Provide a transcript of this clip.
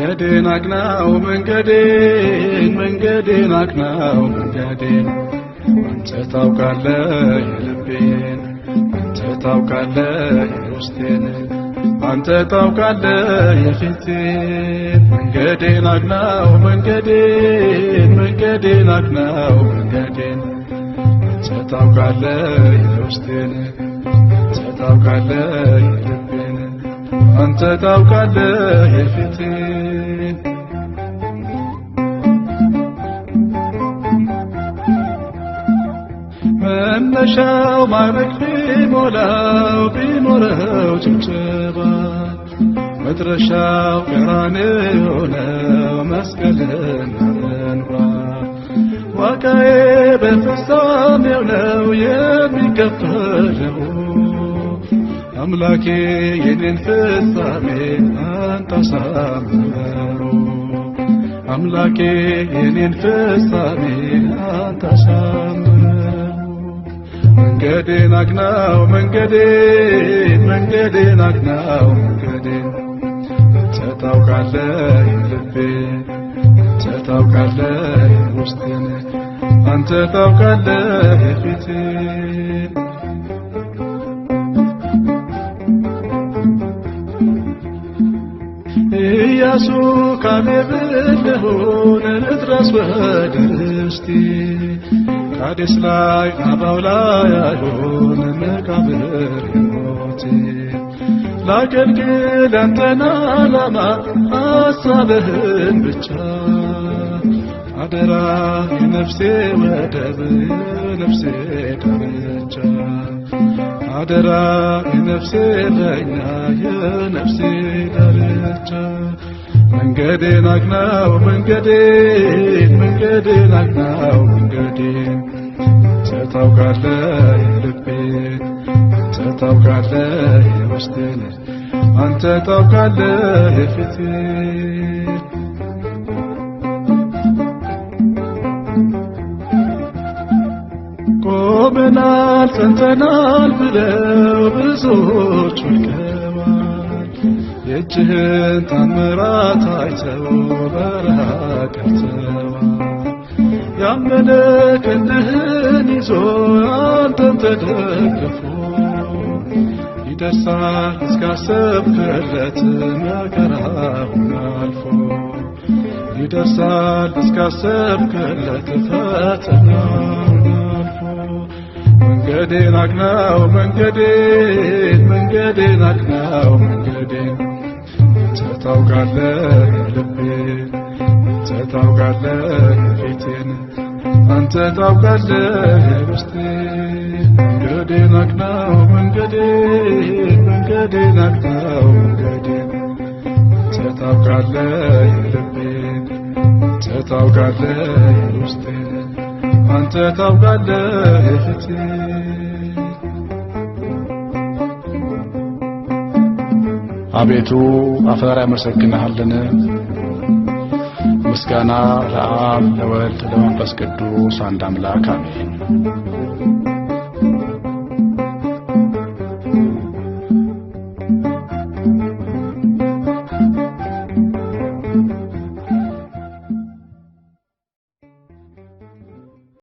መንገድን አቅናው መንገዴን መንገዴን አቅናው መንገዴን አንተ ታውቃለህ የልቤን አንተ ታውቃለህ የውስጤን አንተ ታውቃለህ የፊቴን መንገዴን አቅናው መንገዴን መንገዴን አቅናው መንገዴን አንተ ታውቃለህ የውስጤን አንተ ታውቃለህ የልቤን አንተ ታውቃለህ የፊቴን መጨረሻው ማረግ ቢሞላው ቢሞረው ጭብጨባ መድረሻው ቀራንዮ ነው መስቀልና መኖራ ዋጋዬ በፍጻሜው ነው የሚከፈለው አምላኬ የኔን ፍጻሜ አንተ አሳምረው አምላኬ የኔን ፍጻሜ አንተ አሳምረው መንገዴን አቅናው መንገዴን መንገዴን አቅናው መንገዴን አንተ ታውቃለህ ልቤን አንተ ታውቃለህ ውስጤን አንተ ታውቃለህ ፊቴን ኢያሱ ካሌብ ልሁን ልድረስ ወደ ርስቴ ካዴስ ላይ አባው ላይ አይሁን መቃብር የሞቴ ላገልግል አንተን ዓላማ ሐሳብህን ብቻ አደራ የነፍሴ ወደብ የነፍሴ ዳርቻ አደራ የነፍሴ ዳኛ የነፍሴ ዳርቻ መንገዴን አቅናው መንገዴን መንገዴን አቅናው መንገዴን ታውቃለ የልቤን አንተ ታውቃለ የውስጤን አንተ ታውቃለ የፊቴን ቆመናል ጸንተናል ብለው ብዙዎች ወድቀዋል። የእጅህን ታምራት አይተው በረሃ ቀርተዋል። ያመነ ቀንህ በለቅሶ አንተን ተደግፎ ይደርሳል እስካሰብክለት መከራውን አልፎ ይደርሳል እስካሰብክለት ፈተናውን አልፎ መንገዴን አቅናው መንገዴን መንገዴን አቅናው መንገዴን ታውቃለህ ልቤን ታውቃለህ ፊቴን አንተ ታውቃለህ ውስጤ መንገዴ ናቅናው መንገዴ መንገዴ ናቅናው መንገዴ አንተ ታውቃለህ ልቤ አንተ ታውቃለህ ውስጤ አንተ ታውቃለህ ፊቴ አቤቱ አፈር ያመሰግንሃልን ምስጋና ለአብ ለወልድ ለመንፈስ ቅዱስ አንድ አምላክ አሜን።